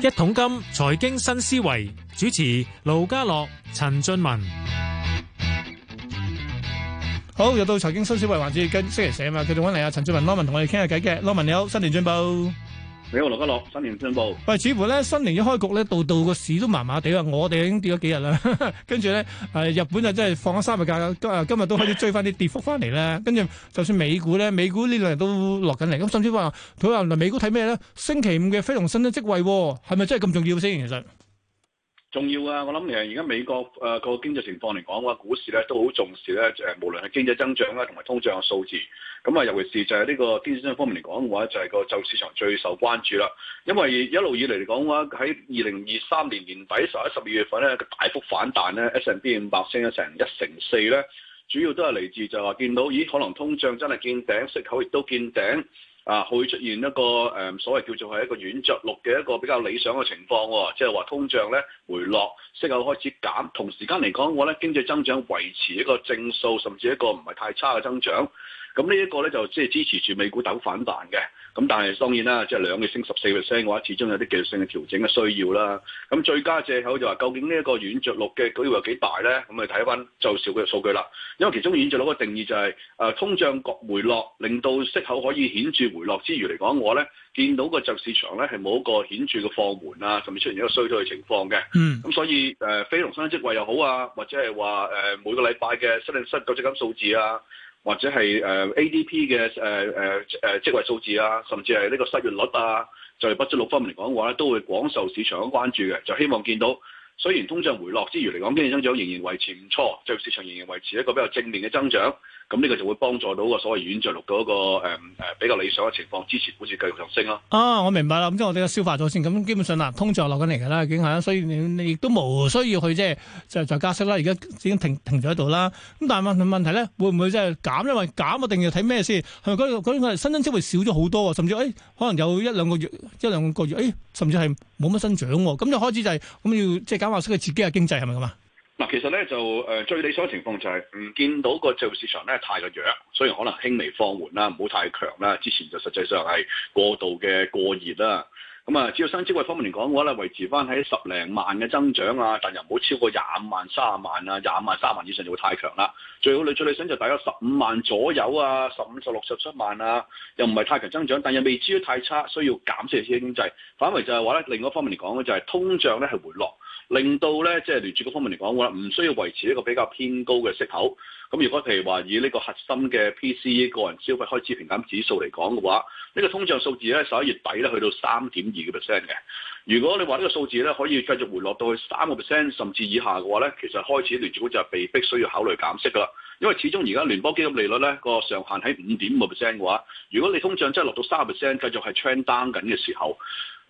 一桶金財經新思維，主持盧家樂、陳俊文。好，又到財經新思維環節，跟星期四啊嘛，繼續嚟啊陳俊文、羅文同我哋傾下偈嘅。羅文你好，新年進步。你我羅家樂，新年進步。喂、哎，似乎咧新年一開局咧，度度個市都麻麻地啊！我哋已經跌咗幾日啦， 跟住咧，誒、呃，日本啊真係放咗三日假，今今日都開始追翻啲跌幅翻嚟呢。跟住，就算美股咧，美股呢兩日都落緊嚟，咁甚至話，佢話原來美股睇咩咧？星期五嘅非農新增職位、哦，係咪真係咁重要先？其實？重要啊！我諗其實，而家美國誒個經濟情況嚟講嘅話，股市咧都好重視咧。誒，無論係經濟增長啦，同埋通脹嘅數字。咁啊，尤其是就係呢個經濟增長方面嚟講嘅話，就係、是、個就市場最受關注啦。因為一路以嚟嚟講嘅話，喺二零二三年年底十一、十二月份咧，個大幅反彈咧，S and P 五百升咗成一成四咧，主要都係嚟自就話見到，咦，可能通脹真係見頂，息口亦都見頂。啊，會出現一個誒、呃、所謂叫做係一個軟着陸嘅一個比較理想嘅情況，哦，即係話通脹咧回落，息口開始減，同時間嚟講我咧經濟增長維持一個正數，甚至一個唔係太差嘅增長，咁呢一個咧就即、係、係支持住美股等反彈嘅。咁但係當然啦，即係兩個升十四 percent 嘅話，始終有啲技術性嘅調整嘅需要啦。咁最佳藉口就話，究竟呢一個軟着陸嘅機會有幾大咧？咁啊睇翻就少嘅數據啦。因為其中軟着陸個定義就係、呃、通脹角回落，令到息口可以顯著回落之餘嚟講，我咧見到個就市場咧係冇一個顯著嘅放緩啊，甚至出現一個衰退嘅情況嘅。嗯。咁所以、呃、非農新職位又好啊，或者係話、呃、每個禮拜嘅失進失九資金數字啊。或者係誒 ADP 嘅誒誒誒職位數字啊，甚至係呢個失業率啊，就係不足六方面嚟講嘅話咧，都會廣受市場嘅關注嘅，就希望見到。雖然通脹回落之餘嚟講，經濟增長仍然維持唔錯，即係市場仍然維持一個比較正面嘅增長，咁呢個就會幫助到個所謂軟著陸嘅一個、嗯、比較理想嘅情況，支持股市繼續上升咯。啊，我明白啦，咁即係我哋就消化咗先，咁基本上啦，通脹落緊嚟㗎啦，已經係，所以你你亦都冇需要去即係就就加息啦，而家已經停停咗喺度啦。咁但係問問題咧，會唔會即係減？因為減一定要睇咩先？係咪嗰嗰新增機會少咗好多，甚至誒、哎，可能有一兩個月一兩個月誒、哎，甚至係冇乜增長喎。咁就開始就係、是、咁要即係、就是、減。話識嘅刺激嘅經濟係咪咁啊？嗱，其實咧就誒、呃、最理想嘅情況就係、是、唔見到個就業市場咧太過弱，雖然可能輕微放緩啦，唔好太強啦。之前就實際上係過度嘅過熱啦。咁啊，只要新職位方面嚟講嘅話咧，維持翻喺十零萬嘅增長啊，但又唔好超過廿五萬、卅萬啊，廿五萬、卅萬以上就會太強啦。最好你最理想就大約十五萬左右啊，十五、十六、十七萬啊，又唔係太強增長，但又未至於太差，需要減少刺激經濟。反為就係話咧，另一方面嚟講咧，就係、是、通脹咧係回落。令到咧，即係聯儲局方面嚟講嘅話，唔需要維持一個比較偏高嘅息口。咁如果譬如話以呢個核心嘅 PCE 個人消費開支平減指數嚟講嘅話，呢個通脹數字咧十一月底咧去到三點二個 percent 嘅。如果你話呢個數字咧可以繼續回落到去三個 percent 甚至以下嘅話咧，其實開始聯儲局就係被逼需要考慮減息㗎啦。因為始終而家聯邦基金利率咧個上限喺五點五個 percent 嘅話，如果你通脹真係落到三個 percent 繼續係 trend down 緊嘅時候，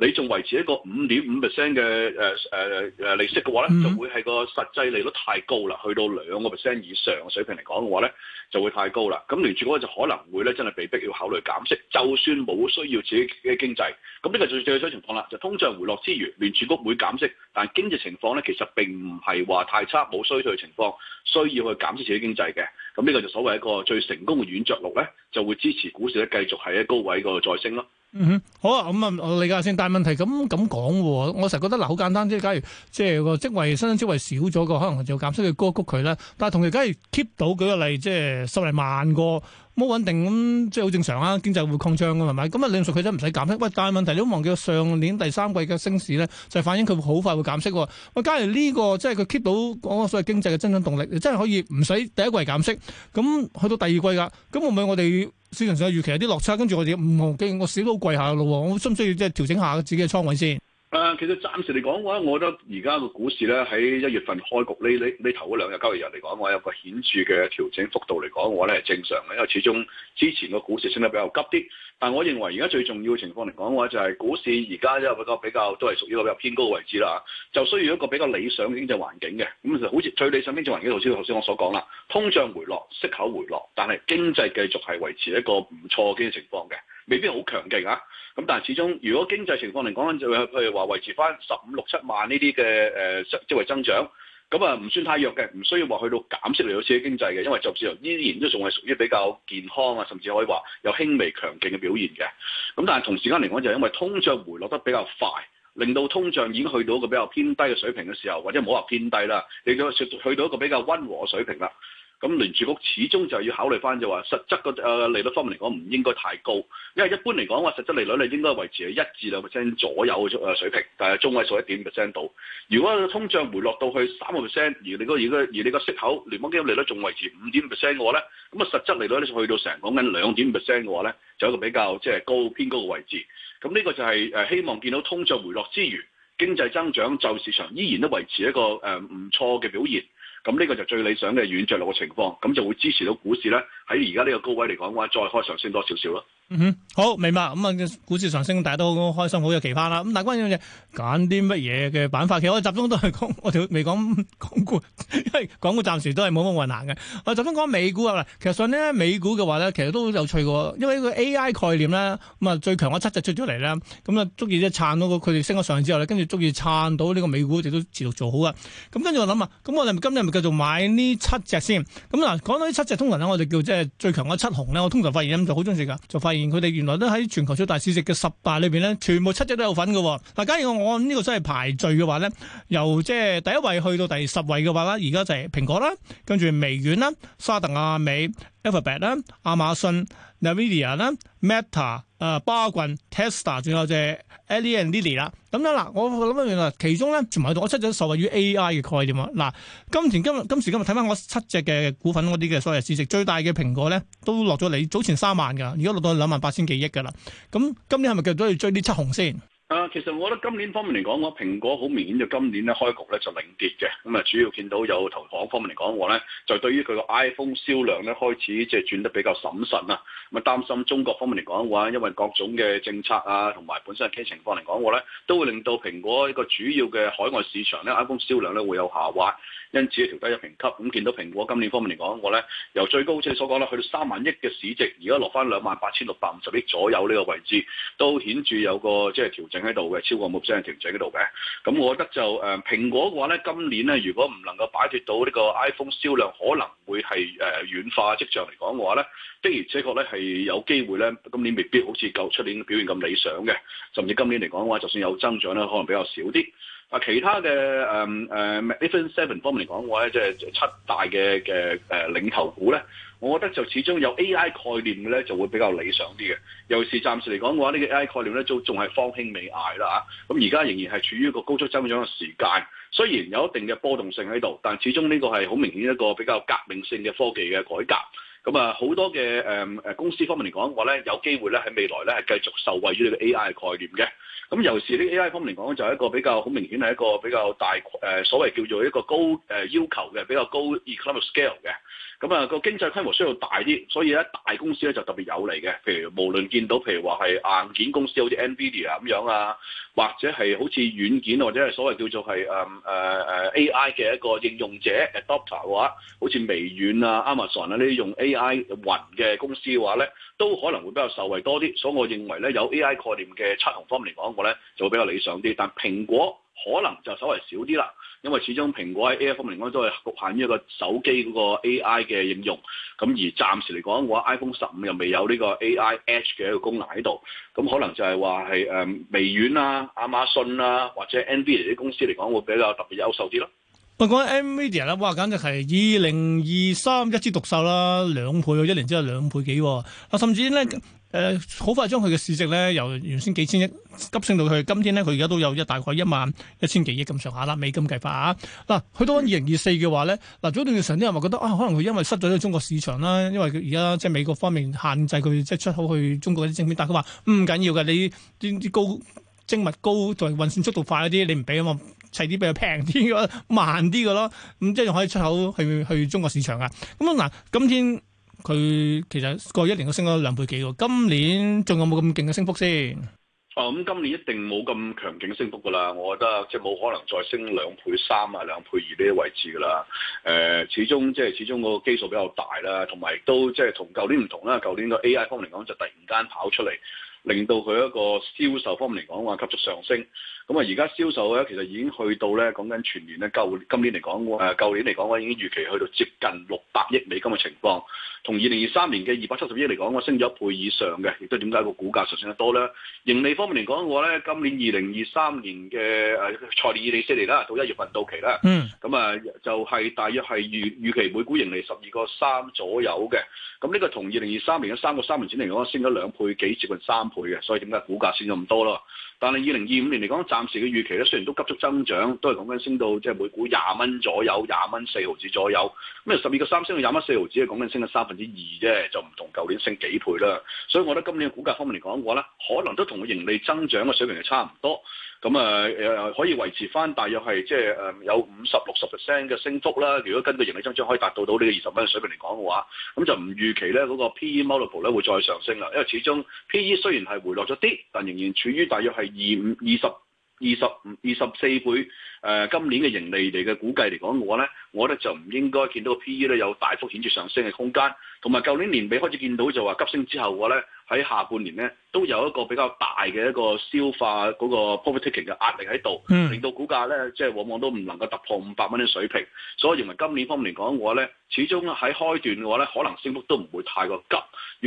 你仲維持一個五點五 percent 嘅誒誒誒利息嘅話咧、嗯，就會係個實際利率太高啦，去到兩個 percent 以上嘅水平嚟講嘅話咧，就會太高啦。咁聯儲局就可能會咧，真係被逼要考慮減息。就算冇需要刺激嘅經濟，咁呢個最最理想情況啦，就通脹回落之餘，聯儲局會減息，但經濟情況咧其實並唔係話太差，冇衰退情況，需要去減息刺激經濟嘅。咁、這、呢個就所謂一個最成功嘅軟着陸咧，就會支持股市咧繼續喺高位個再升咯。嗯哼，好啊，咁啊，我理解先。但係問題咁咁講喎，我成日覺得嗱，好簡單即啫。假如即係個職位新增職位少咗個可能就減息嘅歌曲佢啦，但係同佢假如 keep 到，舉個例，即係十零萬個冇穩定咁，即係好正常啊！經濟會擴張噶係咪？咁啊理論上佢真唔使減息。喂，但係問題你都忘記上年第三季嘅升市咧，就反映佢會好快會減息。喂、這個，假如呢個即係佢 keep 到嗰個所謂經濟嘅增長動力，真係可以唔使第一季減息。咁去到第二季噶，咁會唔會我哋市場上預期有啲落差？跟住我哋唔好驚，我市到貴下咯？我需唔需要即係調整下自己嘅倉位先？誒，其實暫時嚟講嘅話，我覺得而家個股市咧喺一月份開局，呢呢呢頭嗰兩日交易日嚟講，我有個顯著嘅調整幅度嚟講，我咧係正常嘅，因為始終之前個股市升得比較急啲。但我認為而家最重要嘅情況嚟講嘅話，就係股市而家一個比較都係屬於一個比較偏高嘅位置啦，就需要一個比較理想嘅經濟環境嘅。咁就好似最理想嘅經濟環境，頭先頭先我所講啦，通脹回落、息口回落，但係經濟繼續係維持一個唔錯嘅經濟情況嘅。未必好強勁啊！咁但係始終，如果經濟情況嚟講，就譬如話維持翻十五六七萬呢啲嘅誒即係增長，咁啊唔算太弱嘅，唔需要話去到減息嚟到刺激經濟嘅，因為就目前依然都仲係屬於比較健康啊，甚至可以話有輕微強勁嘅表現嘅。咁但係同時間嚟講，就因為通脹回落得比較快，令到通脹已經去到一個比較偏低嘅水平嘅時候，或者唔好話偏低啦，亦都去到一個比較溫和嘅水平啦。咁聯儲局始終就要考慮翻，就話實質個誒利率方面嚟講，唔應該太高，因為一般嚟講話，實質利率咧，應該維持喺一至兩 percent 左右嘅水平，但係中位數一點五 percent 度。如果通脹回落到去三個 percent，而你個而個而你個息口聯邦基金利率仲維持五點五 percent 嘅話咧，咁啊實質利率咧去到成講緊兩點五 percent 嘅話咧，就一個比較即係高偏高嘅位置。咁呢個就係誒希望見到通脹回落之餘，經濟增長就市場依然都維持一個誒唔錯嘅表現。咁呢個就最理想嘅軟著陸嘅情況，咁就會支持到股市咧喺而家呢個高位嚟講嘅話，再開上升多少少咯。嗯、好明白。咁、嗯、啊，股市上升，大家都好開心，好有期盼啦。咁但係關鍵嘅嘢，揀啲乜嘢嘅板塊，其實我集中都係講，我哋未講港股，因為港股暫時都係冇乜困難嘅。我集中講美股啊。其實上咧，美股嘅話咧，其實都有趣嘅，因為呢個 A I 概念啦。咁啊，最強嗰七隻出咗嚟啦，咁啊，足以一撐到佢哋升咗上去之後咧，跟住足以撐到呢個美股亦都持續做好啊。咁跟住我諗啊，咁我哋今日係咪繼續買呢七隻先？咁嗱，講到呢七隻通常咧，我哋叫即係最強嗰七雄咧。我通常發現咁就好中意噶，就發現。佢哋原來都喺全球最大市值嘅十大裏邊咧，全部七隻都有份嘅。嗱，假如果我按呢個真係排序嘅話咧，由即係第一位去到第十位嘅話啦，而家就係蘋果啦，跟住微軟啦，沙特阿美 Alphabet 啦，Everbet，亞馬遜 NVIDIA 啦，Meta。啊、呃，巴郡 Tesla，仲有隻 Eli Lilly 啦，咁啦我諗翻原來其中咧，全部喺度我七隻受惠於 AI 嘅概念啊。嗱，今時今日睇翻我七隻嘅股份嗰啲嘅所有市值最大嘅蘋果咧，都落咗嚟，早前三萬噶，而家落到兩萬八千幾億噶啦。咁今年係咪繼續都要追啲七雄先？啊，其實我覺得今年方面嚟講嘅話，蘋果好明顯就今年咧開局咧就領跌嘅。咁啊，主要見到有投行方面嚟講嘅話咧，就對於佢個 iPhone 銷量咧開始即係轉得比較審慎啊。咁啊，擔心中國方面嚟講嘅話，因為各種嘅政策啊，同埋本身嘅經濟情況嚟講嘅話咧，都會令到蘋果一個主要嘅海外市場咧 iPhone 銷量咧會有下滑。因此調低一評級。咁見到蘋果今年方面嚟講嘅話咧，由最高即係所講啦，去到三萬億嘅市值，而家落翻兩萬八千六百五十億左右呢個位置，都顯著有個即係調整。喺度嘅，超過五 percent 喺度嘅。咁我覺得就誒蘋果嘅話咧，今年咧如果唔能夠擺脫到呢個 iPhone 銷量可能會係誒軟化的跡象嚟講嘅話咧，的而且確咧係有機會咧，今年未必好似舊出年表現咁理想嘅，甚至今年嚟講嘅話，就算有增長咧，可能比較少啲、嗯。啊，其他嘅誒誒 m a Seven 方面嚟講嘅話咧，即係七大嘅嘅誒領頭股咧。我覺得就始終有 AI 概念嘅咧，就會比較理想啲嘅。尤其是暫時嚟講嘅話，呢個 AI 概念咧，都仲係方興未艾啦嚇。咁而家仍然係處於一個高速增長嘅時間。雖然有一定嘅波動性喺度，但始終呢個係好明顯一個比較革命性嘅科技嘅改革。咁啊，好多嘅誒誒公司方面嚟講嘅話咧，有機會咧喺未來咧係繼續受惠於呢個 AI 概念嘅。咁、啊、尤其是呢個 AI 方面嚟講，就係一個比較好明顯係一個比較大誒、呃、所謂叫做一個高誒、呃、要求嘅比較高 economic scale 嘅。咁啊，個經濟規模需要大啲，所以咧大公司咧就特別有利嘅。譬如無論見到，譬如話係硬件公司，有啲 Nvidia 咁樣啊，或者係好似軟件或者係所謂叫做係誒、嗯啊、AI 嘅一個應用者 a d a p t e r 嘅話，Adapter，好似微軟啊、Amazon 啊呢啲用 AI 雲嘅公司嘅話咧，都可能會比較受惠多啲。所以，我認為咧有 AI 概念嘅七雄方面嚟講，我咧就會比較理想啲。但蘋果可能就稍微少啲啦。因為始終蘋果喺 AI 方面嚟講都係局限於一個手機嗰個 AI 嘅應用，咁而暫時嚟講，我 iPhone 十五又未有呢個 AI Edge 嘅一個功能喺度，咁可能就係話係誒微軟啊、亞馬遜啊，或者 NVIDIA 嚟啲公司嚟講會比較特別優秀啲咯。我講 m e d i a 啦，哇，簡直係二零二三一枝獨秀啦，兩倍，一年之後兩倍幾，啊，甚至呢，誒、呃，好快將佢嘅市值呢由原先幾千億急升到去，今天呢，佢而家都有一大概一萬一千幾億咁上下啦，美金計法啊，嗱、啊，去到二零二四嘅話呢。嗱、啊，早段嘅時候啲人話覺得啊，可能佢因為失咗中國市場啦，因為佢而家即係美國方面限制佢即係出口去中國啲芯片，但佢話唔緊要嘅，你啲高。精密高同埋運算速度快嗰啲，你唔俾啊嘛，砌啲比較平啲嘅慢啲嘅咯，咁即係可以出口去去中國市場啊。咁啊嗱，今天佢其實過去一年都升咗兩倍幾喎，今年仲有冇咁勁嘅升幅先？哦、嗯，咁今年一定冇咁強勁嘅升幅噶啦，我覺得即係冇可能再升兩倍三啊、兩倍二呢啲位置噶啦。誒、呃，始終即係始終個基數比較大啦，同埋亦都即係同舊年唔同啦。舊年個 A I 方面嚟講，就突然間跑出嚟。令到佢一個銷售方面嚟講嘅話，急速上升。咁啊，而家銷售咧，其實已經去到咧，講緊全年咧，舊今年嚟講，誒舊年嚟講，我已經預期去到接近六百億美金嘅情況。同二零二三年嘅二百七十億嚟講，我升咗一倍以上嘅。亦都點解個股價上升得多咧？盈利方面嚟講嘅話咧，今年二零二三年嘅誒財年二零二四年啦，到一月份到期啦。咁、嗯、啊，就係大約係預期每股盈利十二個三左右嘅。咁、這、呢個同二零二三年嘅三個三毫錢嚟講，升咗兩倍幾，接近三。倍嘅，所以點解股價升咗咁多咯？但係二零二五年嚟講，暫時嘅預期咧，雖然都急速增長，都係講緊升到即係、就是、每股廿蚊左右，廿蚊四毫子左右。咁啊，十二個三升到廿蚊四毫子，係講緊升咗三分之二啫，就唔同舊年升幾倍啦。所以我覺得今年嘅股價方面嚟講嘅話咧，可能都同佢盈利增長嘅水平係差唔多。咁啊，誒可以維持翻大約係即係誒有五十六十 percent 嘅升幅啦。如果根據盈利增長可以達到到呢個二十蚊嘅水平嚟講嘅話，咁就唔預期咧嗰、那個 P E multiple 咧會再上升啦。因為始終 P E 雖然，係回落咗啲，但仍然處於大約係二五、二十、二十五、二十四倍。誒、呃、今年嘅盈利嚟嘅估計嚟講，我咧我咧就唔應該見到個 P E 咧有大幅顯著上升嘅空間。同埋舊年年尾開始見到就話急升之後嘅咧喺下半年咧都有一個比較大嘅一個消化嗰、那個 profit taking 嘅壓力喺度、嗯，令到股價咧即係往往都唔能夠突破五百蚊嘅水平。所以我認為今年方面嚟講嘅話咧，始終喺開段嘅話咧，可能升幅都唔會太過急，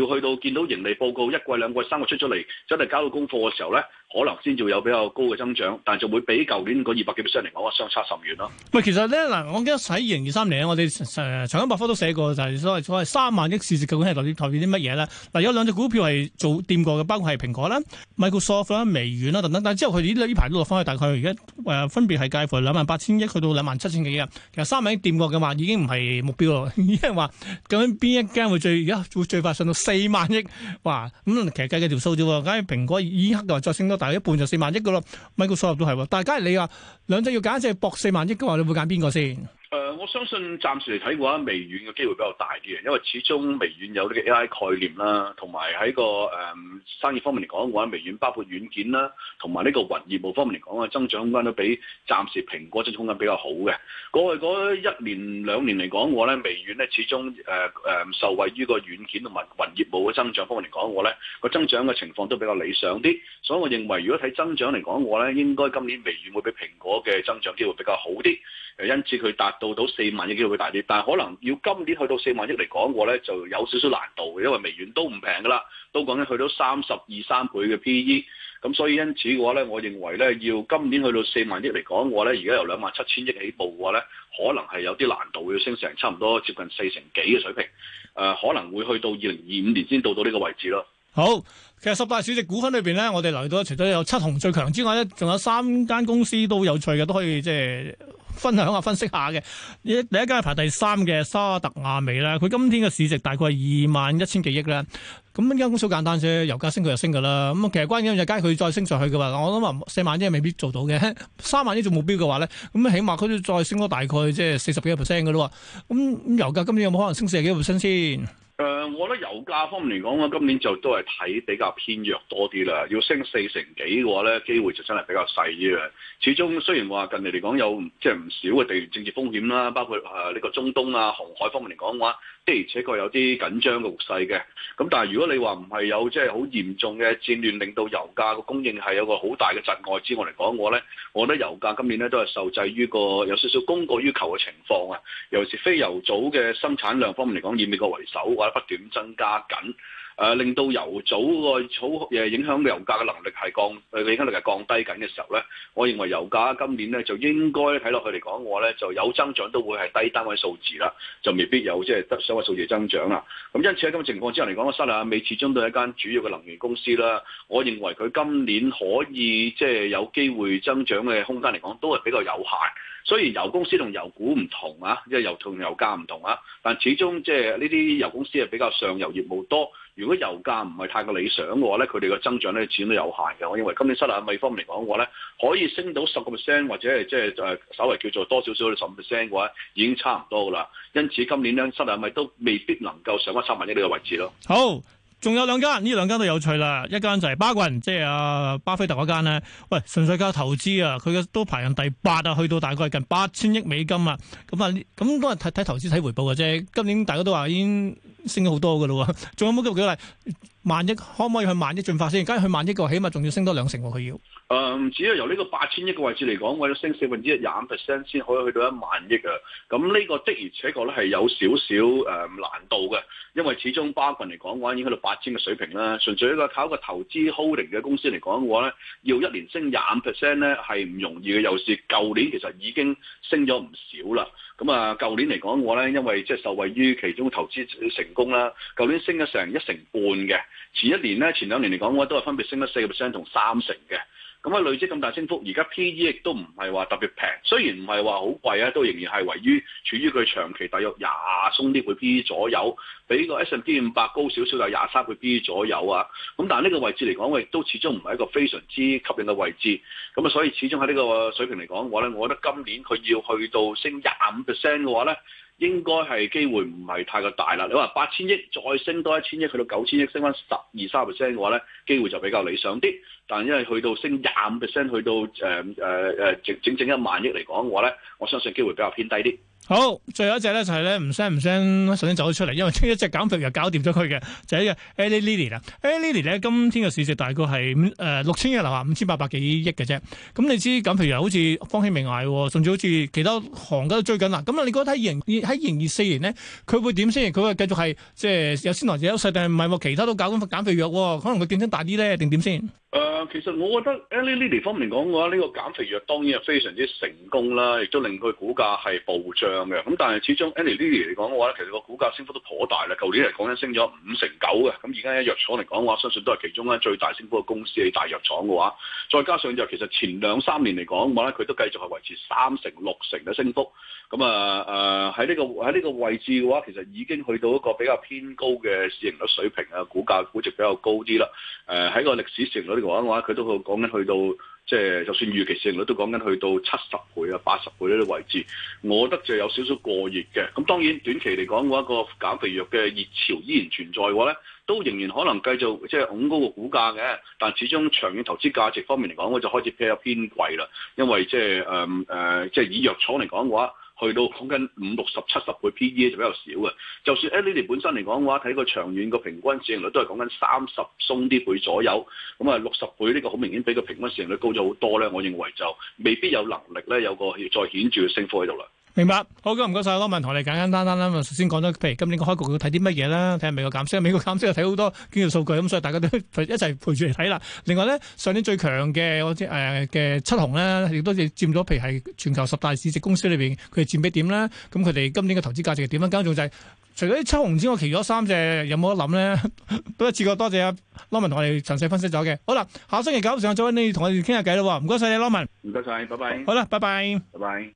要去到見到盈利報告一季、兩季、三季出咗嚟，真係交到功課嘅時候咧，可能先至會有比較高嘅增長，但就會比舊年嗰二百幾 percent。我相差甚遠咯。其實咧嗱，我記得喺二零二三年我哋誒、呃、長江百科都寫過，就係、是、所謂所謂三萬億市值究竟係代表代表啲乜嘢咧？嗱，有兩隻股票係做掂過嘅，包括係蘋果啦、Microsoft 啦、微軟啦等等。但之後佢呢依排都落翻去，大概而家、呃、分別係介乎兩萬八千億去到兩萬七千幾億啊。其實三萬億掂過嘅話已經唔係目標咯，而係話究竟邊一間會最而家會最快上到四萬億？哇！咁、嗯、其實計計條數啫喎，假如蘋果依一刻再升多大概一半就四萬億嘅咯，Microsoft 都係喎。但係你話，兩隻要揀一隻博四萬億嘅話，你會揀邊個先？誒、呃，我相信暫時嚟睇嘅話，微軟嘅機會比較大啲，因為始終微軟有呢個 AI 概念啦，同埋喺個誒。呃生意方面嚟講，我喺微軟包括軟件啦，同埋呢個雲業務方面嚟講嘅增長空間都比暫時蘋果增長空間比較好嘅。過去嗰一年兩年嚟講，我咧微軟咧始終誒誒受惠於個軟件同埋雲業務嘅增長方面嚟講，我咧個增長嘅情況都比較理想啲。所以，我認為如果睇增長嚟講，我咧應該今年微軟會比蘋果嘅增長機會比較好啲。誒，因此佢達到到四萬億機會大啲，但係可能要今年去到四萬億嚟講，我咧就有少少難度嘅，因為微軟都唔平㗎啦，都講緊去到三。三十二三倍嘅 PE，咁所以因此嘅話咧，我認為咧要今年去到四萬億嚟講嘅話咧，而家由兩萬七千億起步嘅話咧，可能係有啲難度，要升成差唔多接近四成幾嘅水平，誒、呃，可能會去到二零二五年先到到呢個位置咯。好，其實十大市值股份裏邊咧，我哋留意到除咗有七雄最強之外咧，仲有三間公司都有趣嘅，都可以即係分享下分析下嘅。第一間係排第三嘅沙特亞美啦，佢今天嘅市值大概係二萬一千幾億啦。咁、嗯、呢間公司好簡單啫，油價升佢就升噶啦。咁、嗯、其實關鍵就係佢再升上去嘅話，我諗啊四萬億未必做到嘅，三萬億做目標嘅話咧，咁起碼佢再升多大概即係四十幾個 percent 嘅咯。咁咁、嗯、油價今年有冇可能升四十幾個 percent 先？誒、呃，我覺得油價方面嚟講咧，今年就都係睇比較偏弱多啲啦。要升四成幾嘅話咧，機會就真係比較細啲啦。始終雖然話近嚟嚟講有即係唔少嘅地緣政治風險啦，包括誒呢、呃這個中東啊、紅海方面嚟講嘅話，確的而且確有啲緊張嘅局勢嘅。咁但係如果你話唔係有即係好嚴重嘅戰亂令到油價個供應係有一個好大嘅窒礙之外嚟講，我咧，我覺得油價今年咧都係受制於個有少少供過於求嘅情況啊。尤其是非油組嘅生產量方面嚟講，以美國為首，不斷增加緊。誒、啊、令到油早個草誒影響油價嘅能力係降誒、啊、影響力係降低緊嘅時候咧，我認為油價今年咧就應該睇落去嚟講，我咧就有增長都會係低單位數字啦，就未必有即係、就是、得稍微數字增長啦。咁因此喺咁嘅情況之下嚟講，沙特阿美始終都係一間主要嘅能源公司啦。我認為佢今年可以即係、就是、有機會增長嘅空間嚟講，都係比較有限。雖然油公司同油股唔同啊，即、就、係、是、油同油價唔同啊。但始終即係呢啲油公司係比較上游業務多。如果油價唔係太過理想嘅話咧，佢哋嘅增長咧自然都有限嘅。我認為今年石油米方面嚟講嘅話咧，可以升到十個 percent 或者係即係誒稍微叫做多少少十五 percent 嘅話，已經差唔多噶啦。因此今年咧，石油米都未必能夠上一七萬億呢個位置咯。好。仲有兩間，呢兩間都有趣啦。一間就係巴國人，即係阿巴菲特嗰間咧。喂，純粹靠投資啊，佢嘅都排行第八啊，去到大概近八千億美金啊。咁啊，咁都係睇睇投資睇回報嘅啫。今年大家都話已經升咗好多嘅咯喎。仲有冇繼續舉例？萬億可唔可以去萬億進化先？假如去萬億嘅話，起碼仲要升多兩成喎、啊。佢要誒，主、呃、要由呢個八千億嘅位置嚟講，我要升四分之一廿五 percent 先可以去到一萬億啊。咁呢個的而且確咧係有少少誒、呃、難度嘅，因為始終包括嚟講嘅話已經去到八千嘅水平啦。純粹一個靠一個投資 holding 嘅公司嚟講嘅話咧，要一年升廿五 percent 咧係唔容易嘅，尤其是舊年其實已經升咗唔少啦。咁啊，舊年嚟講我咧，因為即係受惠於其中投資成功啦，舊年升咗成一成半嘅，前一年咧，前兩年嚟講我都係分別升咗四個 percent 同三成嘅。咁啊，累積咁大升幅，而家 P E 亦都唔係話特別平，雖然唔係話好貴啊，都仍然係位於處於佢長期大約廿松鬆啲倍 P E 左右，比個 S&P 五百高少少就廿三倍 P E 左右啊。咁但係呢個位置嚟講，亦都始終唔係一個非常之吸引嘅位置。咁啊，所以始終喺呢個水平嚟講，我咧，我覺得今年佢要去到升廿五 percent 嘅話咧。應該係機會唔係太過大啦。你話八千億再升多一千億，去到九千億，升翻十二三 percent 嘅話咧，機會就比較理想啲。但係因為去到升廿五 percent，去到誒誒誒整整一萬億嚟講嘅話咧，我相信機會比較偏低啲。好，最後一隻咧就係咧唔聲唔聲首先走咗出嚟，因為一隻減肥藥搞掂咗佢嘅，就係、是、Eli Lilly 啦。Eli Lilly 咧，今天嘅市值大概係五誒六千億樓下五千八百幾億嘅啫。咁你知減肥藥好似方興未艾，甚至好似其他行家都追緊啦。咁啊，你覺得喺二零喺二零二四年呢，佢會點先？佢會繼續係即係有先來優勢，但係唔係話其他都搞緊減肥藥、哦？可能佢競爭大啲咧，定點先？誒、呃，其實我覺得 Eli Lilly 方面嚟講嘅話，呢、這個減肥藥當然係非常之成功啦，亦都令佢股價係暴漲。咁、嗯，但係始終 Anli Li 嚟講嘅話咧，其實個股價升幅都頗大啦。舊年嚟講已升咗五成九嘅、嗯，咁而家喺藥廠嚟講，我相信都係其中咧最大升幅嘅公司係大藥廠嘅話，再加上就其實前兩三年嚟講嘅話咧，佢都繼續係維持三成六成嘅升幅。咁啊喺呢個喺呢個位置嘅話，其實已經去到一個比較偏高嘅市盈率水平啊，股價估值比較高啲啦。喺、呃、個歷史市盈率嘅話，佢都會講緊去到。即係就算是預期市盈率都講緊去到七十倍啊、八十倍呢啲位置，我覺得就有少少過熱嘅。咁當然短期嚟講嘅話，個減肥藥嘅熱潮依然存在嘅咧，都仍然可能繼續即係拱高個股價嘅。但始終長遠投資價值方面嚟講，我就開始比較偏貴啦。因為即係誒、嗯呃、即係以藥廠嚟講嘅話。去到講緊五六十七十倍 P/E 就比較少嘅。就算誒你哋本身嚟講嘅話，睇個長遠個平均市盈率都係講緊三十鬆啲倍左右，咁啊六十倍呢個好明顯比個平均市盈率高咗好多咧，我認為就未必有能力咧有個要再顯著嘅升幅喺度啦。明白，好，咁唔該晒羅文同我哋簡簡單單啦。首先講咗，譬如今年個開局要睇啲乜嘢啦，睇下美國減息，美國減息又睇好多經濟數據，咁所以大家都一齊陪住嚟睇啦。另外咧，上年最強嘅嗰誒嘅七雄咧，亦都係佔咗，譬如係全球十大市值公司裏邊，佢係佔比點啦，咁佢哋今年嘅投資價值係點樣呢？更重要就係、是、除咗七雄之外，其餘三隻有冇得諗咧？ 都一次過多謝，次覺多謝阿羅文同我哋詳細分析咗嘅。好啦，下星期九上晝你同我哋傾下偈咯。唔該晒你羅文。唔該晒，拜拜。好啦，拜拜。拜拜。